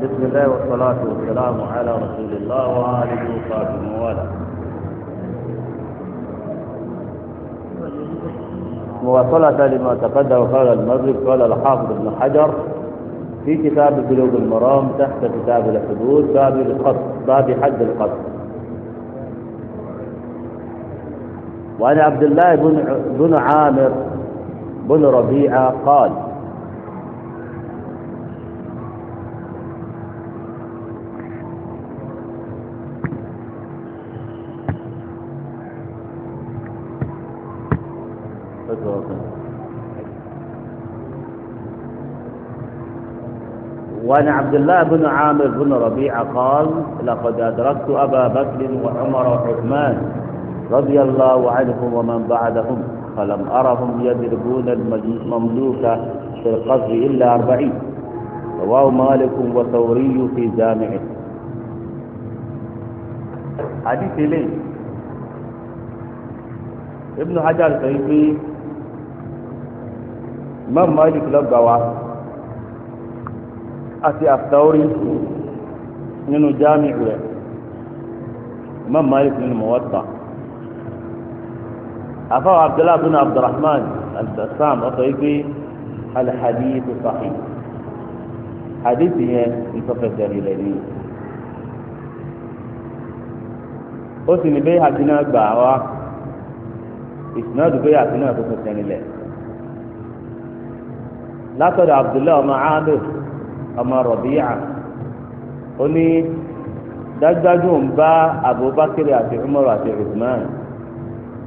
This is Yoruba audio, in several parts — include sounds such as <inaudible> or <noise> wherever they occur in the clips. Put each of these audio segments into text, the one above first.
بسم الله والصلاة والسلام على رسول الله وآله وصحبه وسلم مواصلة لما تقدم قال المغرب قال الحافظ ابن حجر في كتاب بلوغ المرام تحت كتاب الحدود باب القصد باب حد القصد وعن عبد الله بن عامر بن ربيعة قال وعن عبد الله بن عامر بن ربيعة قال لقد أدركت أبا بكر وعمر وعثمان رضي الله عنهم ومن بعدهم فلم أرهم يدربون المملوك في القصر إلا أربعين رواه مالك وثوري في جامعه حديث ليه ابن حجر سيدي ما مالك لبقى àti àtàórí nínú jámìí rẹ̀ imam malik nínú muwatta afáwọn abdullahi bin abdulrahman al-bassam ọ̀sọ̀ yìí pé alhadithu sahih hadithi yẹn ntọ́fẹsẹ̀ nílẹ̀ ní. ó sì ní bẹ́ẹ̀ àti náà gbà wá ìsìnàdù bẹ́ẹ̀ àti náà tó fẹsẹ̀ nílẹ̀ látọ̀dọ̀ abdullahi ọmọ aadé ọmọ rọ̀bíyà ó ní dájúdájú ń bá Abubakar àti Umar àti Usman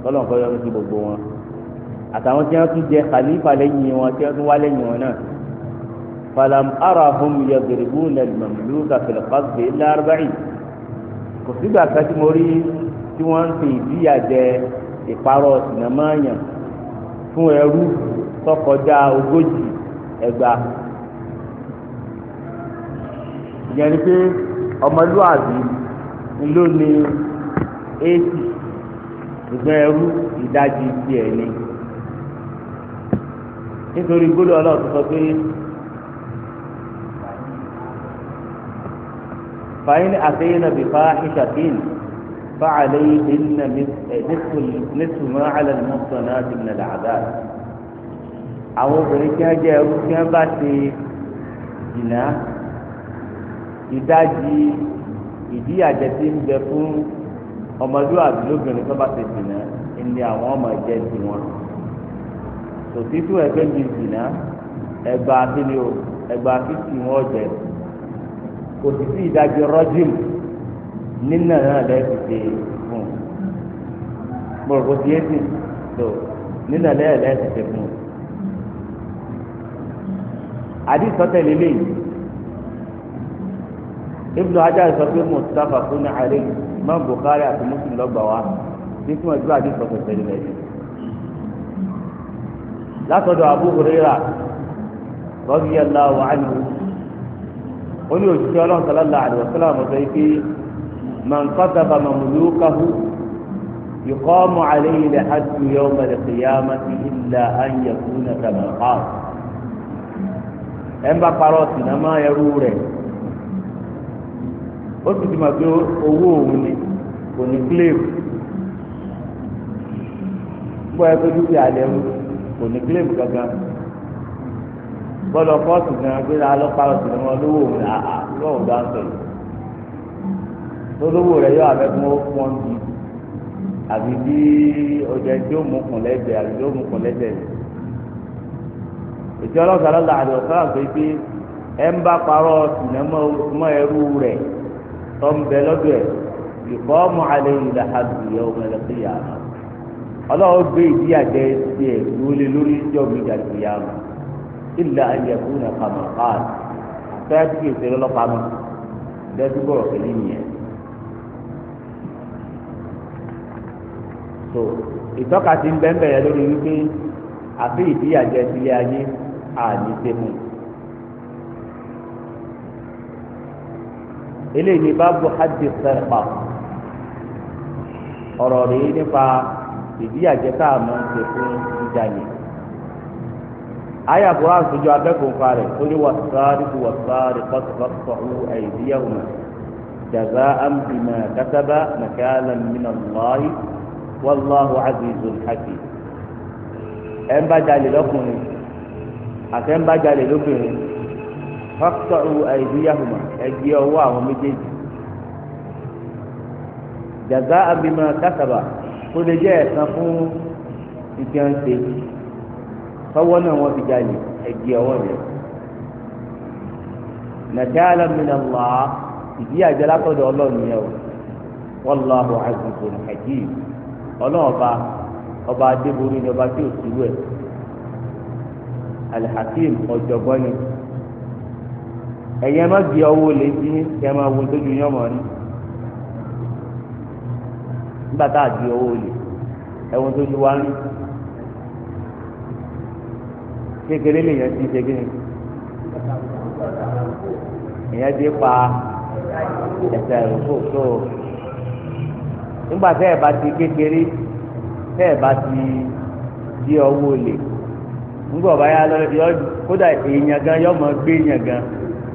kọ́lọ́nkọ́ yọ sí gbogbo wọn àtàwọn tí wọ́n tún jẹ khalifa lẹ́yìn wọn tí wọ́n tún wá lẹ́yìn wọn náà falam arahum yadribuna al-mamluka fil qasbi illa arba'in kò sígbà kan tí mo rí tí wọ́n fi ìdíyà jẹ ìparọ́ sinamáyàn fún ẹrú tó ogójì ẹgbàá ìyẹn ni pé ọmọlúwàbí ló ní éèsì ìgbẹ́ ẹrú ìdajì tiẹ̀ ni nítorí gbólóhùn ọlọ́run sọ pé fàyín àtẹ̀yìn náà bí fáhíṣàtìn فعليهن نصف نصف ما على المحصنات من العذاب àwọn obìnrin tí wọn jẹ ẹrú tí wọn bá ti jìnnà ìdajì ìdíyàjẹ tí ń bẹ fún ọmọlúwàbí lóbìnrin tó bá ti dìnnà ni àwọn ọmọ ẹ̀jẹ̀ ti wọn tòtítù ẹgbẹ́ mi dìnnà ẹgbà kíni o ẹgbà fífi wọn jẹ kò sì sí ìdajì rọ́jìm nínà náà lẹ́ẹ̀fi ṣe fún un mo rò kó ti yé sí tó nínà lẹ́ẹ̀ lẹ́ẹ̀fi ṣe fún un àdìsọ́tẹ̀ lélẹ́yìí. Ibn Hajar sọ pé mustapha tó ní àárẹ̀ mọ́ Bukhari àti Muslim lọ́gbà wa ní kí wọ́n ju àdé sọ̀tọ̀ tẹ̀lé lẹ́yìn. látọ̀dọ̀ Abu Hurairah radiyallahu anhu ó ní òṣìṣẹ́ ọlọ́run sallallahu alaihi wasallam sọ pé man qatafa mamlukahu يقام عليه لحد يوم القيامة إلا أن يكون كما قال ẹn bá parọ́ sinamá ẹrú rẹ̀ ó sì ti mọ̀ pé owó òun ni kò ní claim bóyá tó dúkìá lẹ́rú kò ní claim gangan gbọ́dọ̀ kóòtù gan pé alọ́pàá ọ̀sìn ni wọ́n lówó òun àá lọ́wọ́ dáńtọ̀ yìí lólówó rẹ̀ yọ abẹ́gun ó pọ́n bí àbí bí ọjà tí ó mú kùn lẹ́gbẹ̀ẹ́ àbí tí ó mú kùn lẹ́gbẹ̀ẹ́ ìjọ ọlọ́sàá lọ́la àdìọ́sọ́lá pé pé ẹ ń bá parọ́ sinimá ẹrú rẹ̀ tó ń bẹ lọ́dọ̀ ẹ̀ ìkọ́ ọmọ alẹ́ yìí la hàbí yẹ ọmọ ẹlẹ́sìn yà á ọlọ́wọ́ gbé ìdí àjẹ ti ẹ̀ lólè lórí ìjọ mi dàgbé yà á ilà ayẹ̀kú nà kàmá káàdì fẹ́ẹ́ tí kìí ṣe lọ́lọ́pàá mi dẹ́túbọ̀rọ̀ pẹ̀lú ìyẹn. so ìtọ́ka ti ń lórí wípé àfi ìdí àjẹ sílé ayé àní ṣe fún eléyìí ni báàbò hajj sẹ́rẹ̀pà ọ̀rọ̀ rèé nípa ìdíyàjẹ́ tá a mọ̀ ṣe fún ìjàlè ayé àbúrò àtúnjọ abẹ́kùnfà rẹ̀ tó ní wàsáàrí kú wàsáàrí pọ́tùpọ́tù àìdíyàwó jàzá àmbìmọ̀ kásábà nàkàlà mìíràn lọ́ọ̀yì wàlláhu azizul hakim ẹ̀ ń bá jalè lọ́kùnrin àti ẹ̀ ń bá jalè lóbìnrin faqta'u aydiyahuma ẹgbẹ́ ọwọ́ àwọn méjèèjì jaza'an bima kasaba kó lè jẹ́ ẹ̀san fún ìfiànṣe fọwọ́ náà wọ́n ti jalè ẹgbẹ́ ọwọ́ rẹ̀ nàdáàlà minallah ìdí àjẹlá tọ̀dọ̀ ọlọ́run yẹn o wallahu azizun hakim ọlọ́run ọba ọba adébórí ni ọba tí ò sí wẹ̀ alhakim ọ̀jọ̀gbọ́n ni ẹ̀yẹ má bí ọwọ́ lè sí kí ẹ máa wo tójú yín ọmọ rí nígbà tá a bí ọwọ́ lè ẹ̀wọ̀n tójú wá rí kékeré lè yẹn ti ṣe ni ìyẹn ti pa ẹsẹ̀ ìrùkù tó nígbà tẹ́ ẹ̀ bá ti kékeré tẹ́ ẹ̀ bá ti bí ọwọ́ lè nígbà ọ̀bá yá lọ yọ kódà èèyàn gan yọ mọ gbé èèyàn gan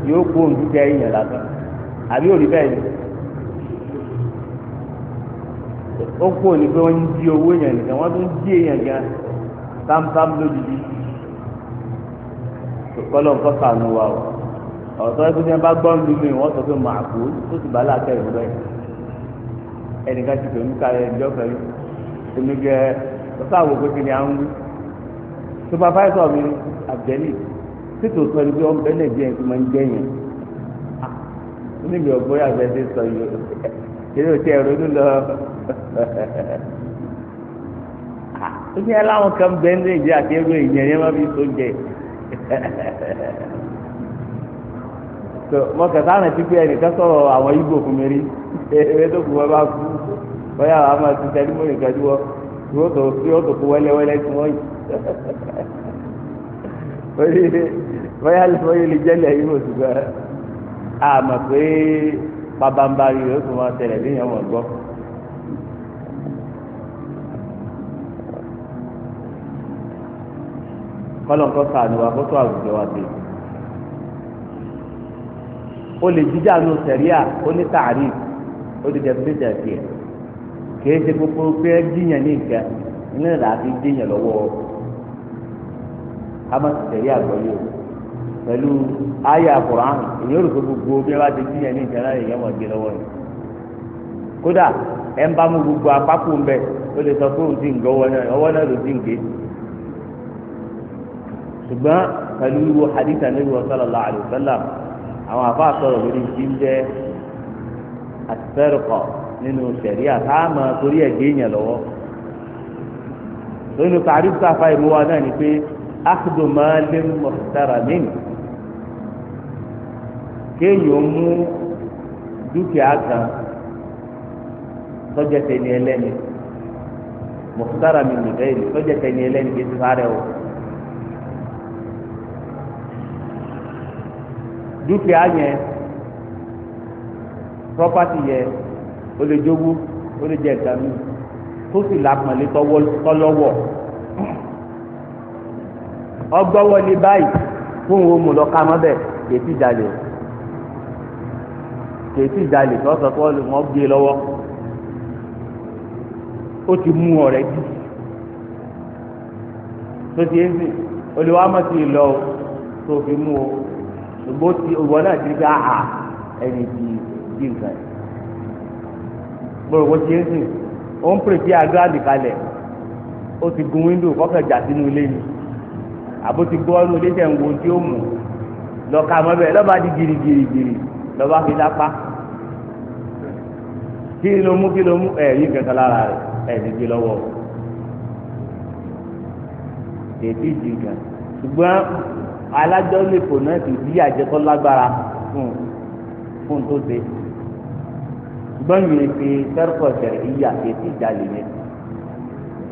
yóò kó ohun jíjẹ èèyàn lásán àbí òrí bẹ́ẹ̀ ni ó kó ní pé wọ́n ń di owó èèyàn nìkan wọ́n tún di èèyàn gan sámsám lójijì kọ́lọ́ nǹkan sànù wa o ọ̀tọ́ ẹgbẹ́ tí wọ́n bá gbọ́ nínú ìwọ sọ pé màá kú tó sì bá láàkẹ́ ìwọ bẹ́ẹ̀ ẹnìkan ti pè mí kalẹ̀ ẹjọ́ kan yìí èmi gẹ ọ́ sáà wò pé kí ni à ń wí tó bá fáìsọ̀ mi àbẹ̀lì títò sọ ibi ọ̀n bẹ́lẹ̀ bí ẹ̀ ti máa ń jẹ́ yẹn ah, níbi ọ̀gbọ́n yà fẹ́ ti sọ yìí eré òtí ẹ̀rọ inú lọ <laughs> ah, ó ní aláwọn kan bẹ́ẹ̀ ní ìdí àti ẹrú ìyẹn ní wọ́n fi so jẹ tó mọ kẹta àrùn ti gbé ẹnìkan sọ̀rọ̀ àwọn igbó fún mi rí ewé tó kù wọn bá kú wọ́n yà wọ́n á máa ti tẹ́lẹ̀ mọ́ nìkan tí wọ́n tí tó kú wẹ́lẹ́wẹ́lẹ́ tí wọ́n yìí. <laughs> bóyá lóyún lè jẹ́ lẹ́yìn oṣù a àmọ̀ pé pabambari o tún wọn tẹ̀lé ní ìyẹn wọn gbọ́. kọlọ́nkọ́ wa kó tó àwùjọ wa o lè jíjà nù sẹ̀ríà ó ní tààrí ó ti dẹ̀bi tẹ̀ tiẹ̀ kìí ṣe gbogbo pé jíyàn ní nǹkan nínú àti jíyàn lọ́wọ́ a má ti sẹ̀ríà gbọ́ yìí o. pẹ̀lú àyà Qur'an èyí ò rò pé gbogbo bí wọ́n bá ti dín ẹni ìjẹ́lá èyí ọmọ gbé lọ́wọ́ ni kódà ẹ̀ ń bá mú gbogbo apákó ń bẹ ó lè sọ pé òun ti ń gọ ọwọ́ náà ọwọ́ náà ló ti ń gé ṣùgbọ́n pẹ̀lú wo hadith anabi wa sallallahu alayhi wa sallam àwọn afa sọ̀rọ̀ lórí ti ń jẹ́ àtẹ̀rẹ̀kọ̀ nínú sẹ̀ríà táàmù torí ẹ̀ géèyàn lọ́wọ́ lónìí kàrí kéèyàn mú dúkìá kan sọ́jà tẹni ẹlẹ́ni mọ̀tàrà mi nìkan yìí sọ́jà tẹni ẹlẹ́ni kì í ti fárẹ̀ o. dúkìá yẹn property yẹn o lè jogún o lè jẹ nǹkan mi tó sì lápọ̀nlé tọ́lọ́wọ́ ọgbọ́wọ́ ní báyìí fún òun mú lọ ká mọ́ bẹ́ẹ̀ kì í ti jalè o kèétí ìdálè tó sọ pé wọn gbé e lọ́wọ́ ó ti mú ọ̀rẹ́ dì tó ti ń sìn olùwà má ti lọ o tó fi mú o ṣùgbọ́n ti ìwọ náà ti gbá a ẹni di di nǹkan yìí gbọ́dọ̀ wọ́n ti ń sìn ó ń pèsè àgbáàdì kalẹ̀ ó ti gun wíńdò kọ́kẹ́ jà sínú ilé mi àbó ti gbọ́ ọ́nú ilé tẹ̀ ń wo tí ó mú lọ́ka mọ́bẹ̀ lọ́ba di girigirigiri lọ́ba fi lápá kí ló mú kí ló mú ẹ yí kankan lára rẹ ẹ ti di lọ́wọ́ ètí ìdí kan ṣùgbọ́n alájọ lè fò náà ti di àjẹkọ lágbára fún fún tó ṣe ṣùgbọ́n yìí ṣe sẹ́rọ̀kọ̀ ṣẹ̀rẹ̀ ìyá ètí ìjàlè yẹn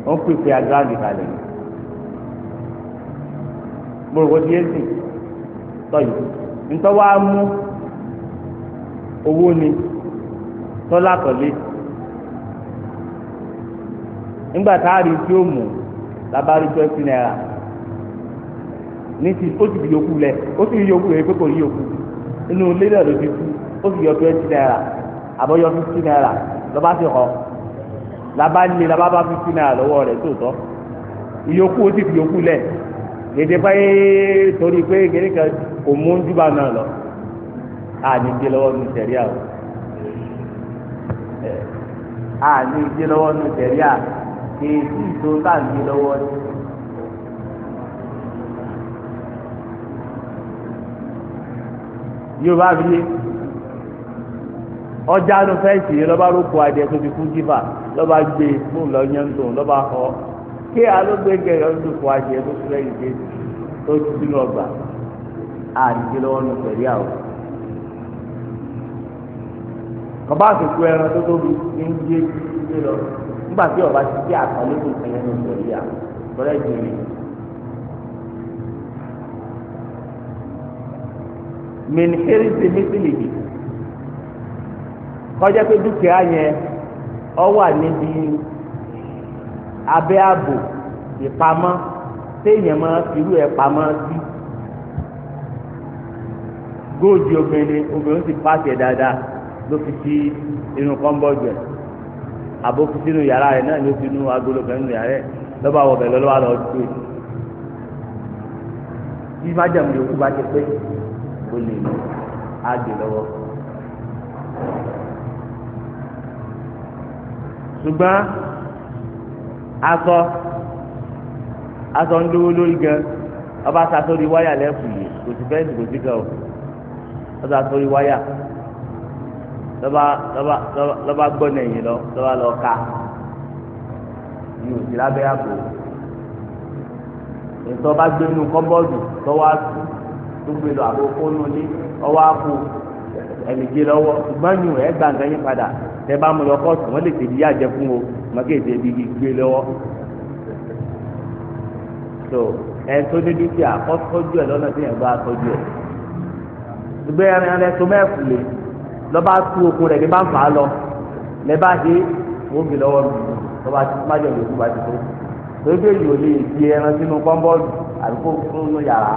ó ń pèsè agráàdì kalẹ̀ gbòòrò díẹ̀ sí tọ́yì ntọ́wá mú owó ni tọ́lá kọ́lé nígbà tá a rí tí ó mú lábá rí twenty naira ní ti ó ti fi yòókù lẹ ó ti rí yòókù rẹ pé kò rí yòókù inú ilé náà ló ti kú ó ti yọ twenty naira àbọ̀ yọ fifty naira lọ́ba ti họ lábá lé lábá bá fifty naira lọ́wọ́ rẹ̀ tó tọ́ ìyókù ó ti fi yòókù lẹ̀ èdè báyé torí pé kékeré kan kò mú ń júbà náà lọ àní gbé lọ́wọ́ ní sẹ̀ríà o. Aa, a ní ìdí lọ́wọ́ ní tẹ̀lé à kìí sí ìtò tá à ń gbé lọ́wọ́ ní. yorùbá bí ọjà ló fẹ́ sí lọ́ba ló kó adìẹ tó ti kú lọ́ba gbé fún lọ́ba kí kó adìẹ a ní ìdí lọ́wọ́ ní kọba àtẹkù ẹran tó tóbi ní ń gbé gbé lọ nígbà tí ọba ti gbé àkọlé tó ní ìgbẹ̀lì à lọ́rẹ́ ìgbèrè. mìnìkérì ti mítìlì kọjá pé dúkìá yẹn ọ wà níbi abẹ́ ààbò ìpamọ́ téèyàn máa irú ẹ̀ pamọ́ ti ló fi sí inú kọ́ńbọ́ọ̀dù ẹ̀ àbó fi sínú yàrá rẹ̀ náà ló fi inú agolo kan nínú yàrá rẹ̀ lọ́ba wọ̀ bẹ̀ lọ́wọ́ lọ́ọ́ tó e bí májàmú yòókù bá ti pé o lè lọ á gbé lọ́wọ́. ṣùgbọ́n aṣọ aṣọ ń lówó lórí gan ọba aṣọ àtọ́rí wáyà lẹ́kùn yìí kò sí fẹ́ǹsì kò sí gan o aṣọ àtọ́rí wáyà lọ́ba lọ́ba lọ́ba gbọ́nà ẹ̀yìn lọ lọ́ba lọ ka ní òsì lábẹ́ àpò ètò ọba gbé nu kọ́bọ́ọ̀dù lọ́wọ́ àtú tó gbé lọ àbò fóònù ní ọwọ́ àpò ẹ̀lìgé lọ́wọ́ ìgbọ́nyù ẹ̀ gbàǹgà yín padà tẹ bá mu lọ kọ́ọ̀tù wọ́n lè tẹ̀lé yá jẹ fún o mọ́kèdè bí gbé lọ́wọ́ tó ẹ̀ tó ní dúkìá kọ́ tọ́jú ẹ̀ lọ́nà tí yẹn bá tọ́jú ẹ̀ gbé ẹran tó mẹ́fù lè lọ́ba tu okun rẹ̀ ní bá ń fà á lọ lẹ́bàá dé wọ́n gbé lọ́wọ́ mi lọ́ba tí májọ̀ lè fún wa ti tó torí pé yòó lè di ẹran sínú pọ́ńbọ́ọ̀lù àbí kó fúnnú yàrá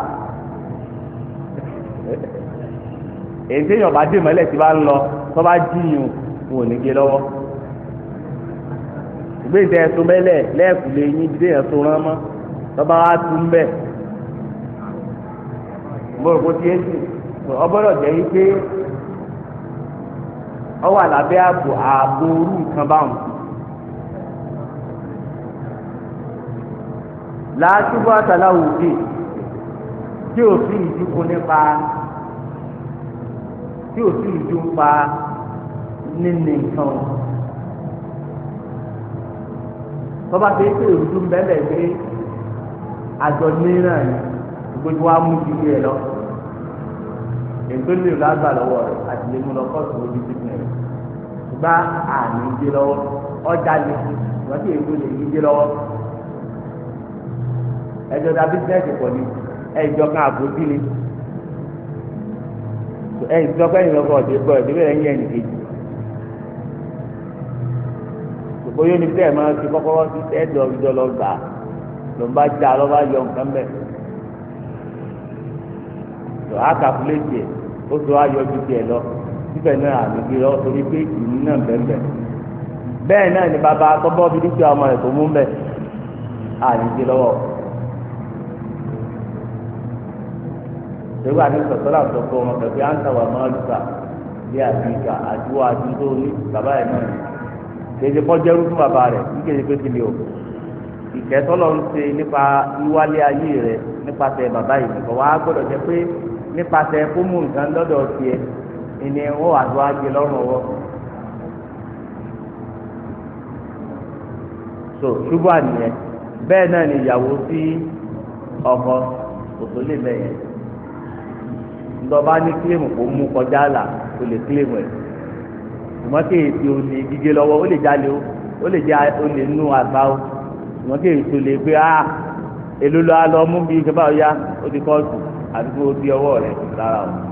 èyí tí èèyàn bá dé mọ́lẹ̀ tí bá ń lọ tó bá jiyàn wọn ò ní gé lọ́wọ́ ìgbésẹ̀ ẹ̀sùn mẹ́lẹ̀ lẹ́ẹ̀kùn lè yín dídé ẹ̀sùn rán mọ́ tó bá wá tún bẹ́ẹ̀ mo rò kó tiẹ́ sí ọgbọ́dọ̀ jẹ́ yí pé ọ wà lábẹ́ ààbò ààbò orú nǹkan báwọn. làásùbọ̀ àtàláwò òde tí ò sí ìdínkù nípa tí ò sí ìdínkù pa níní nǹkan o tọ́ba ṣe é pé òdu ń bẹ́ẹ̀ pé àjọ mìíràn yìí gbogbo wa mú ju ilé lọ ètò ìlú lágbà lọ́wọ́ rẹ̀ àti lè mú lọ kọ́ọ̀tù ojú ti gbaa àmì gbé lọ́wọ́ ọjà lè wọ́n sì èkó lè ní lọ́wọ́ ẹjọ́ da bísíǹsì ni ẹjọ́ àbójú ni tí wọ́n lọ́kọ̀ ọ̀dẹ́ gbọ́ ẹ̀dẹ́ bẹ̀rẹ̀ kejì síbẹ̀ náà àgbègbè lọ torí pé ìní náà bẹ́ẹ̀ bẹ́ẹ̀ náà ni bàbá akọ́bọ́ bíi dúkìá ọmọ rẹ̀ tó mú bẹ́ẹ̀ àgbègbè lọ́wọ́ tẹ̀wé àdéhùn sọ̀tọ́lá sọ̀tọ́ ọmọ kẹfẹ́ àǹtàwà mọ́ọ́lùkà bí àbíkà àdúrà àdúgbò ní bàbá ẹ̀ náà kéde kọjẹ́rú fún bàbá rẹ̀ kí kéde pé kìlì o ìkẹ́tọ́lọ́ ń ṣe nípa ìwálé ayé rẹ̀ nípasẹ̀ bàbá yìí nìkan wàá gbọ́dọ̀ jẹ́ pé nípasẹ̀ fóònù nǹkan lọ́dọ̀ tiẹ̀ ìní wọ́n wà tó ajé lọ́rùn wọ́. so ṣubú àníyẹn bẹ́ẹ̀ náà ni ìyàwó sí ọkọ òtó lè bẹ̀yẹ ndọba ní kílèmù kò mú kọjá là kò lè kílèmù ẹ̀ ṣùgbọ́n kí èsì òní gígé lọ́wọ́ ó lè jalè ó ó lè jẹ́ olè nú àgbá ó ṣùgbọ́n kí èsì òlè pé á èlò lọ́ọ́ lọ́ọ́ mú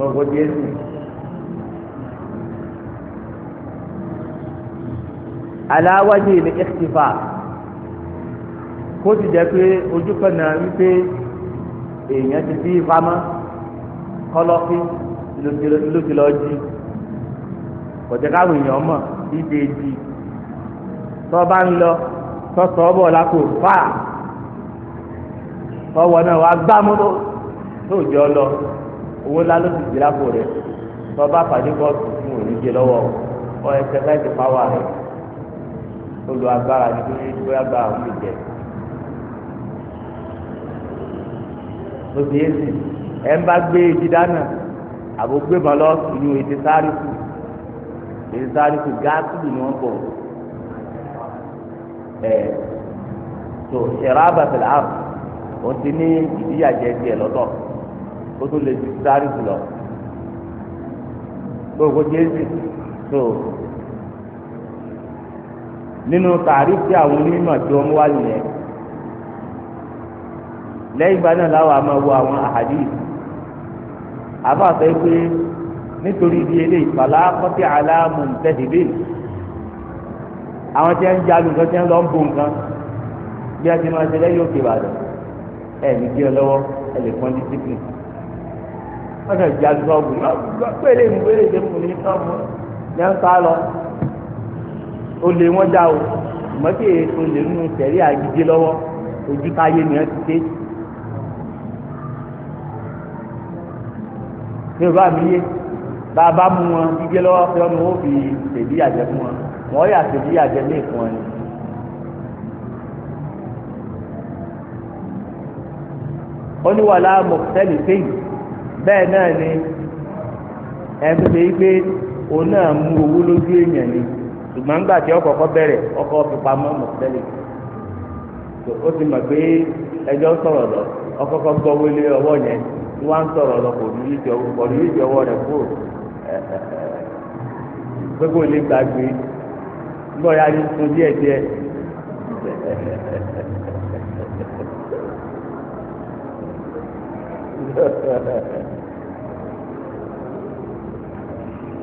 lọ́gbọ́ jésù. aláwájú ilé ẹ̀kítífà kó ti jẹ́ pé ojú kan náà wípé èèyàn ti fi ìfamọ́ kọ́lọ́fí lójúlọ́jì kọjá káwọn èèyàn mọ̀ ìdè èjì tọ́ ń lọ tọ́ sọ ọ́ bọ̀ tọ́wọ́ náà wàá gbá mọ́tò tó jọ lọ owó ńlá ló ti di lápò rẹ tọ́ba pàdé bọ́ọ̀sì fún òníje lọ́wọ́ ọ ẹsẹ̀ láìsí pàwọ́ rẹ olù agbára ni kí ní bóyá gba àwọn ìjẹ. lóṣìṣẹ́ ẹ̀ ń bá gbé igi dáná àbò gbé bọ́lọ́ ìlú ètè sáré kù ètè sáré kù gáàsì ni wọ́n bọ̀ ẹ̀ tó ṣẹ̀rá àbàtàlà àbò ti ní ìdíyàjẹ́ tiẹ̀ lọ́tọ̀ kó tó lè ju sáré jùlọ gbogbo jésù tó nínú tààrí tí àwọn onímọ̀ tí wọ́n wá nìyẹn lẹ́yìn ìgbà náà láwọn àmọ́ wo àwọn àhàdí àbáfẹ́ pé nítorí ibi eléyìí fàlà kọ́tí aláàmù ntẹ́síbí àwọn tí wọ́n ń jalu nǹkan tí wọ́n lọ ń bo nǹkan bí wọ́n ti máa ṣe lẹ́yìn òkè ìbàdàn ẹ̀ ní kí ọ lọ́wọ́ ẹ lè pọ́n discipline wọ́n kàn já sọ́ọ̀bù pẹ̀lẹ́ ìmúwéré ṣe fún ní sọ́ọ̀bù ní ń sá lọ olè wọn já o mọ́tì èso lè nínú sẹ̀rí àgídé lọ́wọ́ ojú táyé ni wọ́n ti dé. yorùbá mi yé bàbá mu wọn gígé lọ́wọ́ pé ọmọ wọn fi ṣèbí àjẹ fún wọn wọ́n yà ṣèbí àjẹ ní ìfún wọn. ó ní wàhálà mọ̀tẹ́lì péyì. bẹ́ẹ̀ náà ni ẹni tó yí pé òun náà mú owó lójú èèyàn ni ṣùgbọ́n nígbà tí ọkọ̀ kọ́ bẹ̀rẹ̀ ọkọ̀ fipamọ́ mọ̀ tẹ́lẹ̀ ó ti mọ̀ pé ẹjọ́ sọ̀rọ̀ lọ ọkọ̀ kọ́ gbọ́ wọlé ọwọ́ yẹn tí wọ́n á ń sọ̀rọ̀ lọ kò ní ìjọ kò ní ìjọ ọwọ́ rẹ̀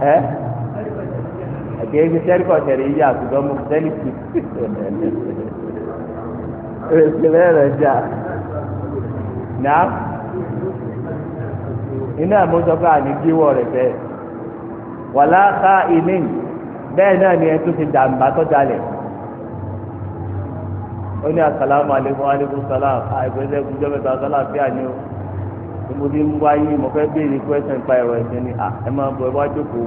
ẹ àti ẹgbẹ tẹríkọ tẹrí yí àtúndọ mọ tẹlifù ìrèsìlẹ rẹ jà náà iná àmójọba àníjíwọ rẹ bẹ́ẹ̀ wàlá ká ìní bẹ́ẹ̀ náà ni ẹ tún ti dàmbà tó dalẹ̀ ó ní asàlámù aleykum aleykum sàlám àìpẹsẹ kújọ mẹ́ta sàlám bí àní o ìmọdé ń wá yín mo fẹ́ béèrè question pa ẹ̀rọ ẹ̀sìn ni à ẹ máa bọ̀ ẹ wá jókòó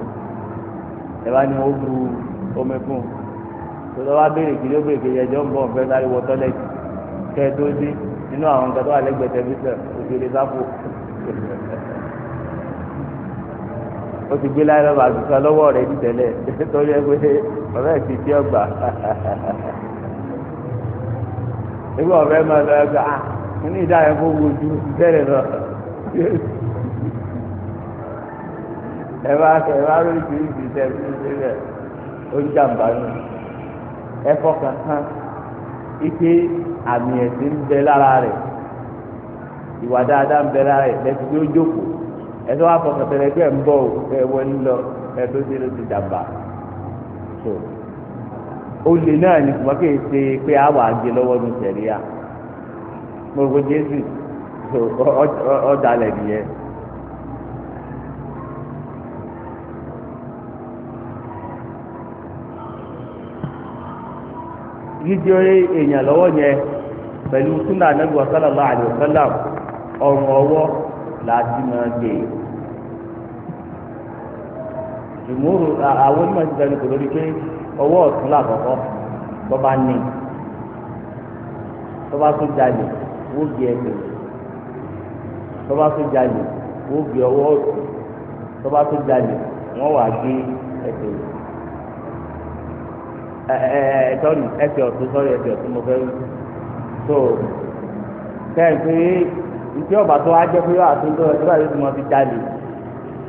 ẹ bá ní ó bu omi fún un tó wá béèrè kí ló béèrè kejì ẹjọ́ ń bọ̀ nfẹ́ sáré wọ tọ́lẹ̀tì kẹ́ ẹ tó dé nínú àwọn nǹkan tó wà lẹ́gbẹ̀ẹ́ tẹ́lifíṣẹ̀ òṣèré sáfò ó ti gbé láyé lọ́ba àtúntò lọ́wọ́ rẹ̀ ní tẹ́lẹ̀ <laughs> torí ẹ pé ọ̀rẹ́ ti tí ọgbà ebi <laughs> ọ̀rẹ́ máa lọ ẹgbẹ́ ah mo ní ìdá yẹn kó wojú bẹ́ẹ̀ lọ. ẹ bá ẹ bá rí ibi ibi tẹ ó ń ike àmì ń bẹ lára ìwà dáadáa ń bẹ lára tí ó jókòó fọkàn ń wọlé lọ tó ṣe ló ti so olè náà ní kùmọ́ ṣe pé a wà lọ́wọ́ ní sẹ̀ríà mo rò pé jésù. <laughs> ọ̀dàlẹ̀ nìyẹn. yíjọ èèyàn lọ́wọ́ yẹn pẹ̀lú súnà anábì sallallahu alaihi wasallam ọwọ́ láti máa gbé ìmúrù àwọn onímọ̀ ti dẹnu kò lórí pé ọwọ́ ọ̀tún làkọ́kọ́ bọ́ba ní tún jalè wó tọ́ba tó jalè wọ́n gbé ọwọ́ ọ̀tún tọ́ba tó jalè wọ́n wà gbé ẹsẹ̀ ẹ ẹ sọ́rí ẹsẹ̀ ọ̀tún sọ́rí ẹsẹ̀ ọ̀tún mo fẹ́ wí so kẹ́hìn pé ìdí ọ̀bà tó wá jẹ́ pé yóò àtúntò ẹ̀ tọ́ba yóò tún mọ́ fi jalè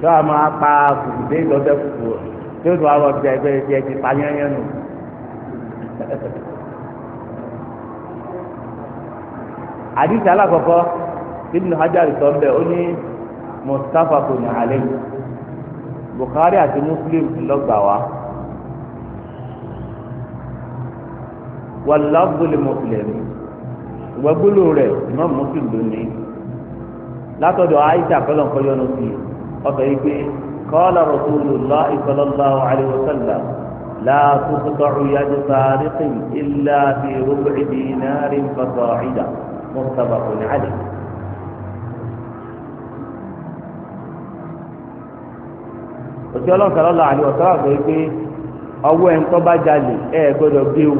tó a máa pa kùkù dé ìlọ́bẹ̀ kùkù tí ó tún àwọn ọ̀bẹ ẹgbẹ́ ẹ̀ ti pa yányán nù. <laughs> àdìsí alákọ̀ọ́kọ́ ibùdó hajjari sọ bẹ́ẹ̀ ó ní mustapha kò ní alẹ́ bukhari àti muslim lọ́gbà wá wàlláfùlì muslim ìgbàgbọ́lò rẹ̀ imam muslim ló ní látọ̀dọ̀ aisha kọ́lọ̀ kọ́yọ́nù sí ọ̀sẹ̀ yìí pé qala rasulullah sallallahu alaihi wasallam la tuqta'u yadu sariqin illa fi rub'i dinarin fasa'ida muttafaqun alayh. òsì ọlọ́run sọlọ́lá àlè ọ̀sọ́rọ̀ àgbẹ̀ pé ọwọ́ ẹ̀ ń tọ́ bá jalè ẹ̀ gbọ́dọ̀ gbé o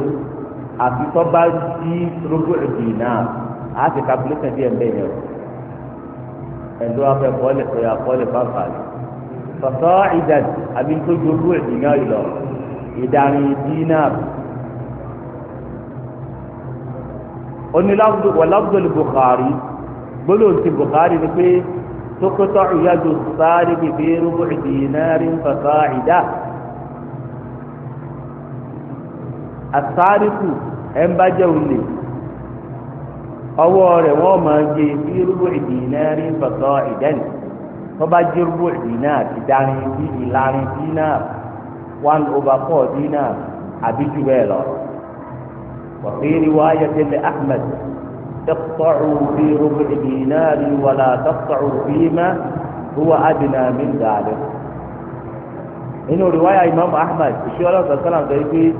àfi tọ́ bá di rogo èdè náà á ti calculation díẹ̀ ń bẹ̀ o ẹ̀dọ́ afẹ́ kọ́lẹ̀ sọ̀yà kọ́lẹ̀ fáfàlì sọ̀tọ́ ìdàn àbí tó ju rogo náà yìí lọ ìdarí dínà onílàwùdó wàlàwùdó lè Bukhari gbólóhùn ti Bukhari ni pé. تقطع يد الصارم في ربع دينار فصاعدا asariku ẹnba jẹ olè ọwọ́ rẹ̀ wọn máa gé bí rúbù ìdínárì fọtọ ìdẹni tó bá jẹ rúbù ìdínárì ìdarin bí ìlarin dínárì one over four dínárì àbí jù bẹ́ẹ̀ lọ. wàhíìrì wáyé tẹ́lẹ̀ ahmed اقطعوا في ربع دينار ولا تقطعوا فيما هو أدنى من ذلك إنه رواية إمام أحمد الشيخ الله صلى الله عليه وسلم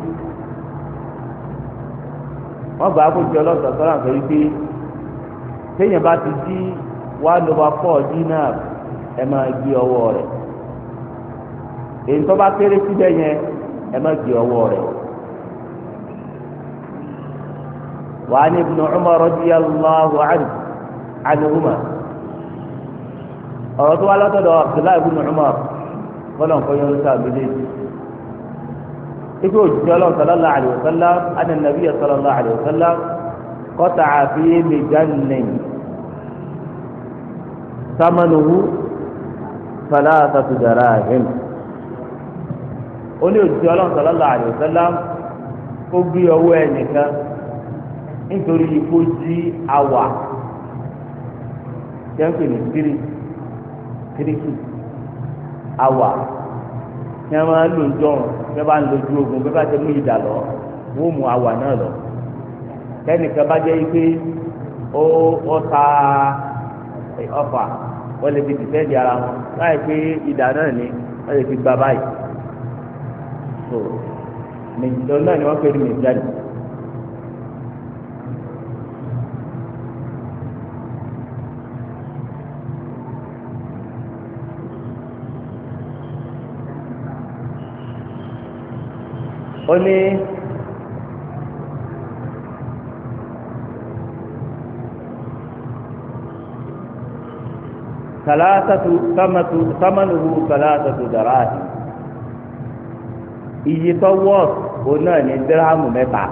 wọ́n gbà kó jẹ ọlọ́sọ̀ sọ́ra nǹkan yìí pé téèyàn bá ti dí wá lọ́ba pọ̀ dí náà ẹ máa gbé ọwọ́ rẹ̀ وعن ابن عمر رضي الله عنه عنهما ọ̀rọ̀tún wa látọ̀dọ̀ abdullahi ibn umar bọ́lá nǹkan yóò sá abidé ikú òjijì ọlọ́run sọlọ́lá àdìọ́sọ́lá adànàbí sọlọ́lá àdìọ́sọ́lá kọ́tà àfihàn mẹjánìn sámanuhu sọlá àtàtúndàrà àhìn ó ní òjijì ọlọ́run sọlọ́lá àdìọ́sọ́lá ó gbé ọwọ́ ẹ̀ nìkan nítorí ikú jí àwà jẹ́ǹpẹ̀ ní kiri kiriki àwà tí wọ́n máa ń lò jọ̀rùn bí a bá ń lójú ogun bí wọ́n bá ti mú ìdà lọ wọ́n mú àwà náà lọ kẹ́nìkan bá jẹ́ ike ó ó ta ọfà wọ́n lè fi dìfẹ́ǹdì ara wọn láì pé ìdà náà ni wọ́n lè fi gba báyìí so mèjìdọ́ náà ni wọ́n pè ní mèjìdá yìí. ó ní salasatu samatu samanuhu salasatu daraati iye tó wọ́ ọ náà ní dírámù mẹ́ta.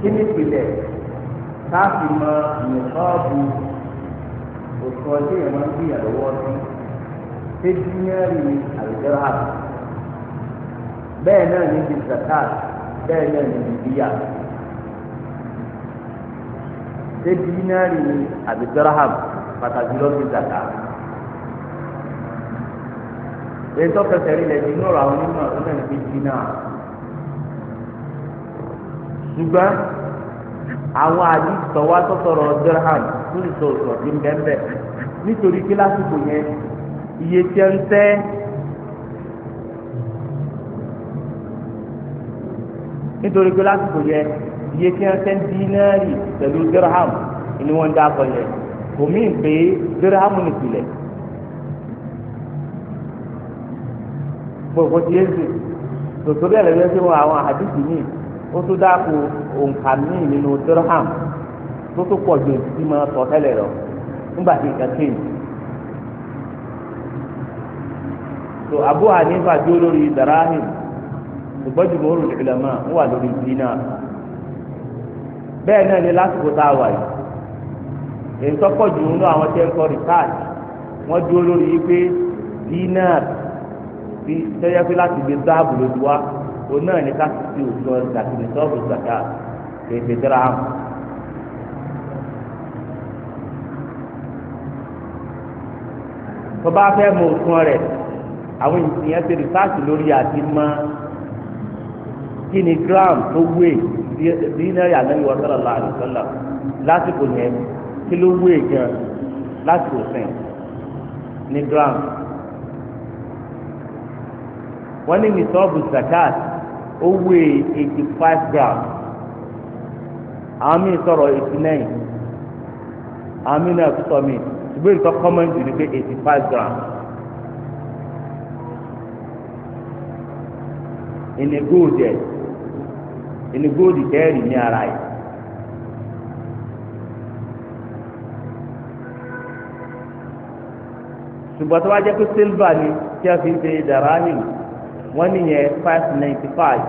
kíni pilẹ̀ káfí mọ nìkọ́ọ̀bù òṣùwọ̀n tí èèyàn máa ń gbìyànjú lọ́wọ́ ṣé dínárì ni àbíjọ́rà bẹ́ẹ̀ náà ní ti zakat bẹ́ẹ̀ náà ní ti bíyà ṣé dínárì ni àbíjọ́rà pàtàkì ló ti zakat ètò kẹsẹ̀ rí lẹ́yìn inú ọ̀rọ̀ àwọn onímọ̀ tó náà fi dínà ṣùgbọ́n àwọn àdìsọ̀wá tó sọ̀rọ̀ dirham tó sì sọ̀rọ̀ sí bẹ́ẹ̀ bẹ́ẹ̀ nítorí kí lásìkò yẹn iye tí ń tẹ́ nítorí pé lásìkò yẹ iye tí ń tẹ́ dínárì pẹ̀lú dirham ni wọ́n ń dákọ̀ yẹ kò mí pé dirham nìpìlẹ̀ gbogbo tí yé zi tòtò bẹ́ẹ̀ lẹ́yìn tí wọ́n àwọn àdìsí mi ó tún dáko òǹkà mi nínú dirham tó tún pọ̀ ju ètùtù máa sọ tẹ́lẹ̀ lọ nígbà tí nǹkan kéèyàn. so abu hanifa dúró lórí darahim ṣùgbọ́n jùlọ orun ìlẹ̀mọ́ ń wà lórí dínà bẹ́ẹ̀ náà ni lásìkò tá a wà yìí èyí tó pọ̀ jù nínú àwọn tẹ́ ń kọ́ research wọ́n dúró lórí yìí pé dínà ti tẹ́yẹ́ pé láti gbé záàbù ló ti wá òun náà ní ká sì ti òṣùwọ̀n ìgbàkí ní sọ́ọ̀bù ìgbàkà darahim. tó bá fẹ́ mọ òṣùwọ̀n rẹ̀ àwọn ènìyàn ti rìsáàsì lórí àti mọ kí ni gram tó wé dínárì ànábi wa sallallahu alaihi wasallam lásìkò yẹn kí ló wé gan lásìkò sẹ́yìn ní gram wọ́n ní nisọ́ọ̀bù zakat ó wé eighty five gram àwọn míì sọ̀rọ̀ eighty nine àwọn míì náà sọ míì ṣùgbọ́n ìtọ́ kọ́mọ́ntì ni pé eighty five gram. ẹni góòdì ẹ ẹni góòdì tẹ́ẹ̀rì ní ara yìí. ṣùgbọ́n tó wá jẹ́ pé sílvà ni tí a fi ń ṣe dàráhìm wọ́n nìyẹn five ninety five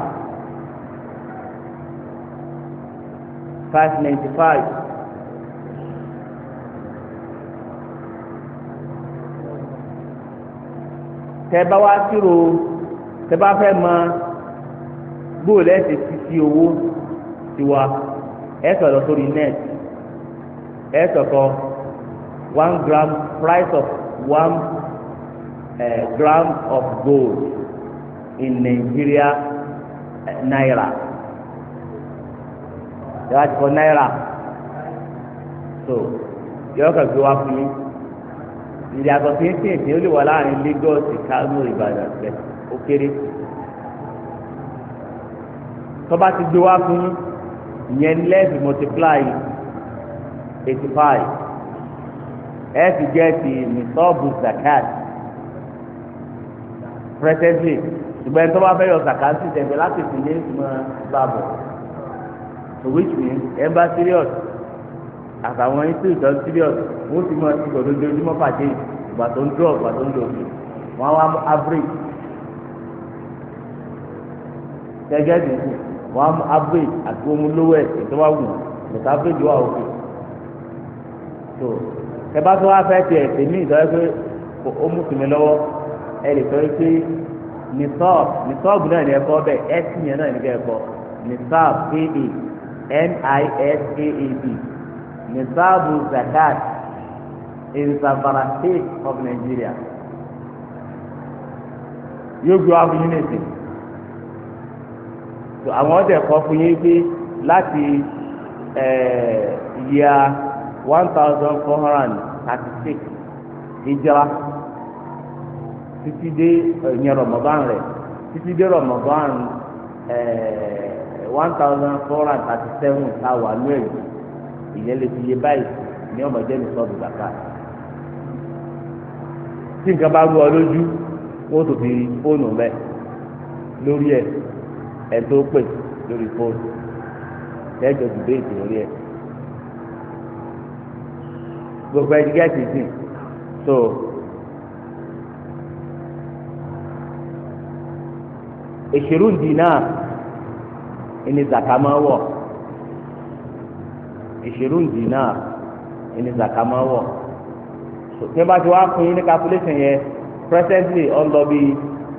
five ninety five. tẹ́ bá wá sírò tẹ́ bá fẹ́ mọ̀ bóòlù ẹsẹ títí owó tiwa ẹsẹ lọ sórí net ẹsẹ kọ one gram price of one uh, gram of gold in Nigeria uh, naira yàrá ti kọ náírà so yọọ kàn fi wá fún yín ìyàtọ̀ tí ń sìn tí ó lè wà láàrin Lagos Kano Ìbàdàn ó kéré tó bá ti gbé wá fún yín ìyẹn lẹ́ẹ̀fì multiply eighty five ẹ fi jẹ́ ti nisọ́ọ̀bù zakat presently ṣùgbọ́n tó bá fẹ́ yọ zakat sí tẹ̀fẹ́ láti fi ní ìsúná bàbọ̀ which means ẹ serious àtàwọn institute don serious wọ́n ti mọ ìgbọ̀n lójoojúmọ́ pàdé ìgbà tó ń drop ìgbà tó ń lò ó wọ́n á wá average gẹ́gẹ́ bí kù wọn á mú average àti wọn mú lowest ètò wa wù ètò average wa òkè tó ẹ bá tó wá fẹ́ tiẹ̀ tèmi ìtọ́jú pé ó mú tèmi lọ́wọ́ ẹ lè sọ pé nisab nisab náà ni ẹkọ bẹ ẹsì yẹn náà ni kẹ ẹkọ nisab aa Nisab. nisabu zakat in Zamfara state of Nigeria yóò gbé wa fún yín nìyẹn àwọn ọdẹ kọ fún yín pé láti yíya one thousand four hundred and thirty six ìjọra títí dé ìyẹn rọmọbán rẹ títí dé rọmọbán one thousand four hundred and thirty seven táwa lóyè ìyẹn lè fi yé báyìí ní ọmọdé ní sọ́ọ̀bù bàtà tí nǹkan bá rú ọ lójú wọ́n tó fi fóònù rẹ lórí ẹ̀ ẹgbẹ́ ó pè lórí fóònù lẹ́jọ́ dìbéètì lórí ẹ̀ gbogbo ẹni gẹ́gẹ́ sí so èṣèlú ń dì náà ẹni zaka máa wọ̀ èṣèlú ń dì náà ẹni zaka máa wọ̀ so tí wọ́n bá ti wá fún yín ní calculation yẹn presently ó lọ bí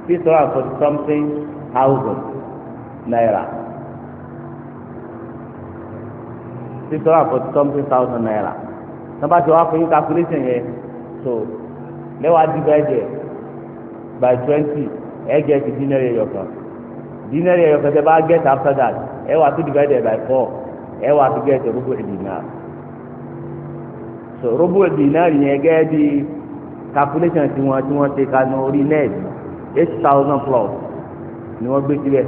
six hundred and forty something thousand. Naira. six hundred and forty something thousand naira nàbà tí wàá fún yín calculation yẹn so lẹ́wàá dìbò ẹ̀jẹ̀ by twenty ẹ̀jẹ̀ ti dínẹ́rì ẹ̀yọ̀ kan dínẹ́rì ẹ̀yọ̀ bá get after that ẹ̀ wàá dìbò ẹ̀jẹ̀ by four ẹ̀ wàá get rúbù e dínárì so rúbù e dínárì yẹn gẹ́gẹ́ bí calculation tí wọ́n tí wọ́n ṣe kanu orí net eight thousand plus ni wọ́n gbé síbẹ̀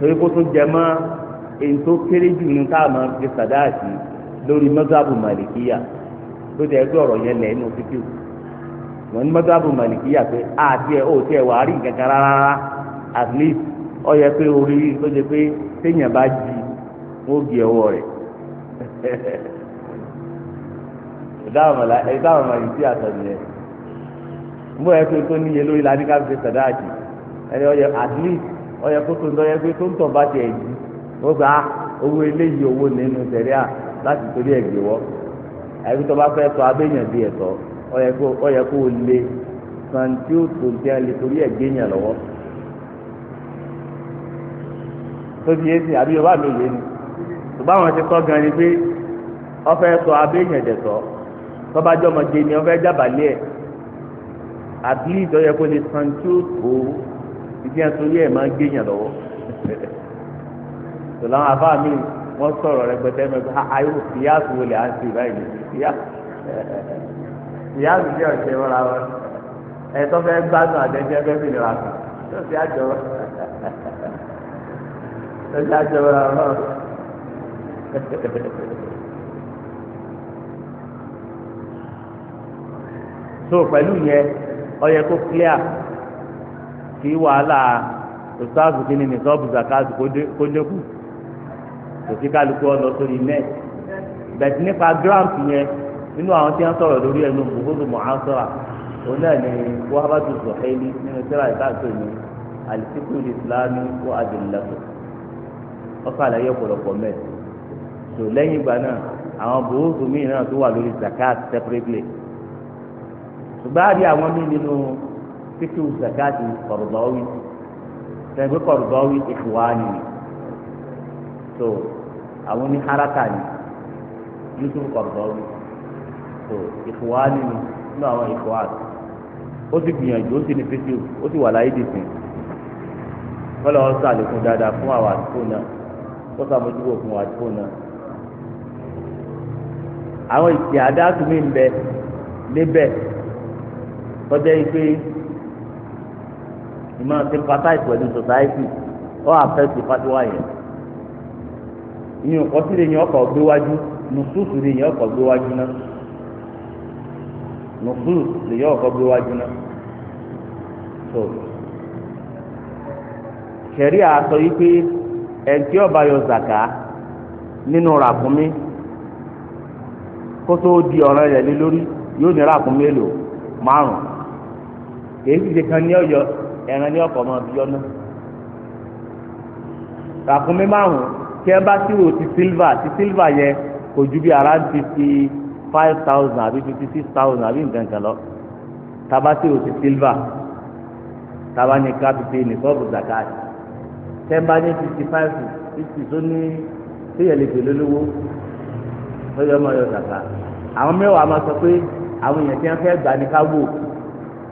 torí kó tó jẹ mọ́ èyí tó kéré jù ní tá a máa fi sàdáàtì lórí mọ́sáàbù màlìkíyà tó jẹ́ pé ọ̀rọ̀ yẹn lẹ́nu fíkìú wọ́n ní mọ́sáàbù màlìkíyà pé àti ẹ̀ ò tí ẹ̀ wà á rí nǹkan kan rárá at least ó yẹ pé orí tó jẹ pé téèyàn bá jí wọ́n gé ọwọ́ rẹ̀ ìdáhùn màlìkíyà sọ nìyẹn mbọ́ ẹ pé tó níye lórí la fi sàdáàtì ẹ̀ ọ́ yẹ at least ọyẹ kó tó ń dọ́yẹ pé tó ń tàn bá tiẹ̀ jí wọ́n gbà owó eléyìí owó nínú sẹ̀ríà láti torí ẹ̀gbẹ́ wọ́ àyẹ̀kú tó bá fẹ́ abéèyàn bí ẹ̀tọ́ ọyẹ kó lé kan tí ó tó tí a lè torí ẹ̀gbẹ́ yàn lọ́wọ́ tó di èsì àbí yorùbá mi yé ni ṣùgbọ́n àwọn ti kọ́ gan ni pé ọfẹ́ tọ́ abéèyàn dẹ̀tọ́ tọ́ba jọmọ jẹ ni ọfẹ́ jábàálẹ̀ àbí ìtọ́yẹ kó lè san tí ó tó ìdí àtúndì ẹ̀ máa ń gbéyàn lọ́wọ́ tòlá <laughs> àwọn afá mi wọ́n sọ̀rọ̀ rẹpẹtẹ mẹ́fẹ́ ayé ah, ìyáàsù wọlé à ń ṣe báyìí ìyáàsù <laughs> jẹ́ ọ̀ṣẹ́ wọn ra wọn ẹ̀ tó fẹ́ gbádùn àtẹ̀jẹ́ fẹ́ fi nira kan tó fi àjọ wọn tó fi àjọ wọn ra wọn. pẹ̀lú yẹn ó yẹ kó clear kí wàhálà òsáàfù kí ni nìsọ́ọ̀bù zakazù kó dínkù kò sí kálukú ọ lọ sórí net bẹ̀tì nípa grant yẹn nínú àwọn tí wọ́n sọ̀rọ̀ lórí ẹnu gbogbo mọ̀hánsọ́ra òun náà ni wàhábàtú sọ̀hẹ́lì nínú tíra ìbáṣọ ni àlìsíkù ìsìlámù wọ́n àdìlẹ́kọ̀ọ́ ọkọ̀ àlàyé ọ̀pọ̀lọpọ̀ mẹ́ẹ̀ tó lẹ́yìn ìgbà náà àwọn bòókù míì náà tó wà lórí zakat separately ṣùgbọ́n àdí àwọn míì nínú fífi zakati kọ̀rọ̀dọ́wì sẹ́yìn pé kọ̀rọ̀dọ́wì ni so àwọn ní haraka ni yusuf kọ̀rọ̀dọ́wì so ìfúwání ni nínú àwọn ìfúwání ó ti gbìyànjú ó sì ní fífi ó sì wà láyé dìsìn kọ́lọ́ ọ̀sán àlékún dáadáa fún àwọn àdúgbò náà kó sàmójúkò fún àwọn àdúgbò náà àwọn ìsìn àdá ń bẹ níbẹ̀ tọ́jẹ́ yìí pé ìmọ̀ sympathize pẹ̀lú society ọ́ àfẹ́sì fatiwa yẹn ìyẹn ọkọ̀ sílẹ̀ yẹn ọkọ̀ gbé wájú nùsùsù lè yẹn ọkọ̀ gbé wájú náà nùsùsù lè yẹn ọkọ̀ gbé wájú náà so sẹ̀rí àtọ̀ yìí pé ẹ̀ǹtí ọba yọ zàkà nínú ràkúnmí kó tó di ọ̀ràn yẹn lé lórí yóò ní ràkúnmí èlò márùn-ún èyí ti ṣe kan ní ọ̀yọ́ ẹran ní ọkọ̀ máa bí ọ́nà ràkúnmí márùn tí ẹ bá ṣírò ti sílvà ti sílvà yẹ kò ju bí around fifty five thousand àbí fifty six thousand àbí nǹkan kan lọ taba ṣírò ti sílvà taba ní kápítì ní sọ́ọ̀bù zakat tẹ́ bá ní fifty five fifty tó ní téèyàn lè pèlè lówó lọ́yọ́ ọmọ yọ zaka àwọn mẹ́wàá máa sọ pé àwọn èèyàn tí wọ́n fẹ́ gbà ní ká wò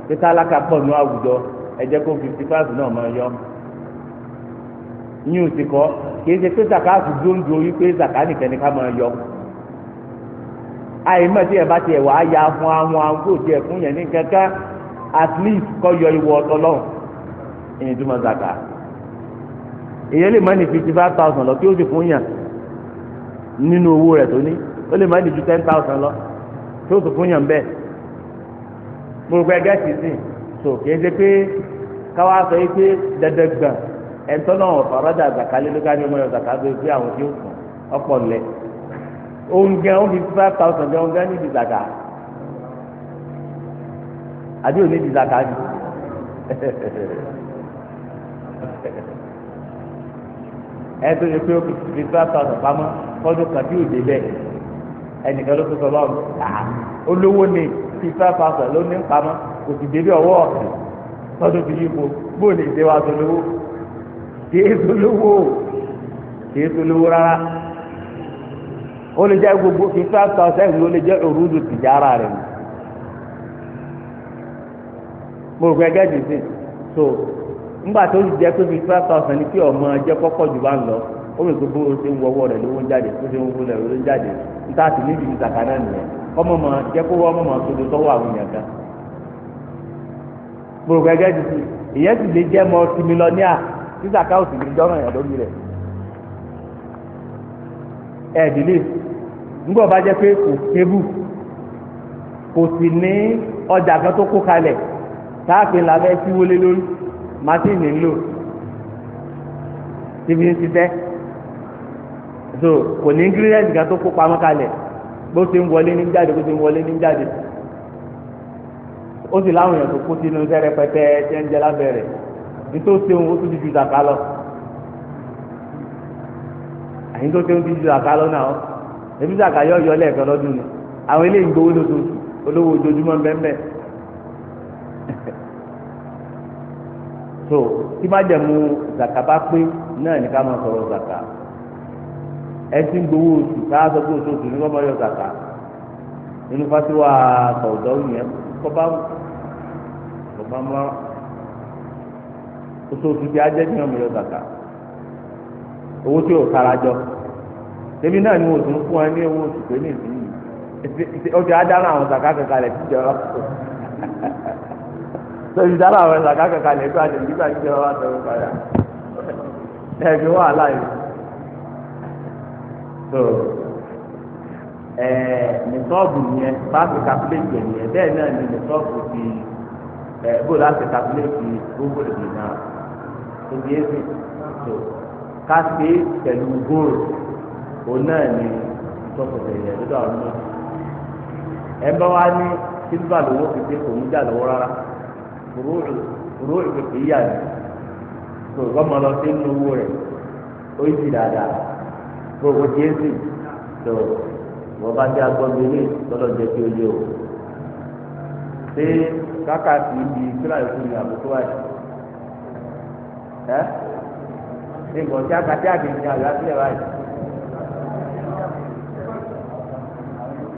pé tálákà pọ̀ ní àwùjọ ẹ kó fifty five náà máa yọ yín ò sì kọ́ kì í ṣe pé zakatu dóńdó wípé zaka nìkan ni ká máa yọ àìmọ̀ tí ẹ bá tiẹ̀ wá ya fún àwọn àwọn kò tiẹ̀ fún yẹn ní kankan at least kọ́ yọ ìwọ ọlọ́run ìyẹn tó máa zaka èyàn lè má ní fifty five thousand lọ kí ó sì fún yàn nínú owó rẹ̀ tó ní ó lè má ní ju ten thousand lọ kí ó sì fún yàn bẹ́ẹ̀ gbogbo ẹgẹ́ sì sìn tó kìí ṣe pé káwá sọ yìí pé dandan gbà ẹ̀ńtọ́ náà ọ̀fàrọ́dà àgbàká lélógá ní ọmọ yẹn ọ̀sàká bẹ́ẹ̀ pé àwọn tí ó kàn ọ̀pọ̀ lẹ̀ oúnjẹ ó fi five thousand jẹ oúnjẹ níbi zaka àbí òní di zaka ni <laughs> ẹ tó pé ó fi five thousand pamọ́ fọ́dún kan tí ò ẹnìkan ló tó sọ lọ́rùn olówó ni fi five thousand ló ní pamọ́. kò sì débi ọwọ́ ọ̀sìn tọ́dún fi yípo bóò lè ṣe wá dolówó kìí dolówó kìí dolówó rárá ó lè jẹ́ gbogbo kìí five thousand ló lè jẹ́ òrùdù tìjára rẹ̀ ni mo rò pé ẹgẹ́ so nígbà tó ti jẹ́ pé fi five thousand ni kí ọmọ jẹ́ kọ́kọ́ jù bá ń lọ ó lè gbogbo ó ń rẹ̀ lówó ń jáde ó ń rẹ̀ lówó ń gbogbo ẹgbẹ́ ti ti ìyẹn sì lè jẹ́ mọ́ ti mílíọ̀nìà tí sàkà òsì ní jọ́ràn yẹn lórí rẹ̀ ẹ̀ẹ́dìlé ńgbọ́ bá jẹ́ pé kò tébù kò sì ní ọjà kan tó kó kalẹ̀ táàpin làbẹ́ tí wọlé lórí màtíìnì ńlò tíbi ń ṣiṣẹ́ so kò ní ingredient kan tó kó pamọ́ kalẹ̀ bó ṣe ń wọlé ó sì láwọn èèyàn tó kó sínú iṣẹ́ rẹpẹtẹ ṣẹ́ ń jẹ lábẹ́rẹ̀ nítorí ṣéun ó tún ti ju zàká lọ àyìn tó ṣéun ti ju zàká lọ náà ebi zàká yọ yọ lẹ́ẹ̀kan lọ́dún ni àwọn eléyìí gbowó lóṣooṣù olówó ojoojúmọ́ bẹ́ẹ̀ <laughs> so tí má jẹ̀mú zàká bá pé náà ní ká máa sọ̀rọ̀ zàká ẹtí ń gbowó oṣù ká sọ pé oṣooṣù ní kọ́ máa yọ zàká nínú fásitì wa tọ̀dọ̀ mọ̀mọ́mọ́ oṣooṣù tí a jẹ́ bí wọ́n mú owó tí jọ náà ni mo tún fún ẹ ní owó oṣù pé ní ìsìn yìí ọjà adára àwọn zaka kankan rẹ̀ tíjọba tẹ̀sí dára àwọn zaka kankan rẹ̀ tó nígbà padà ẹ bó láti tabuleti gbogbo lè dènà ebi ebi tó káfí pẹ̀lú góòlù òun náà ni ìtọ́kùnrin ẹ̀yẹ lọ́dọ̀ àwọn náà ẹ bá wá ní sílvà lówó kété kò ń jà lọ́wọ́ rárá rúùrù kékeré yà ni tó ọmọ lọ sí inú owó rẹ̀ ó yí ti dáadáa gbogbo tí tó wọ́n bá dé agbọ́n mi ní lọ́dọ̀ jẹ́ ó yé o pé kákàtì ibi kíra ìkú ni àbùkù wáyé ẹ ṣe nǹkan tí a kà tí a kì í ṣe àgbà sílẹ̀ báyìí.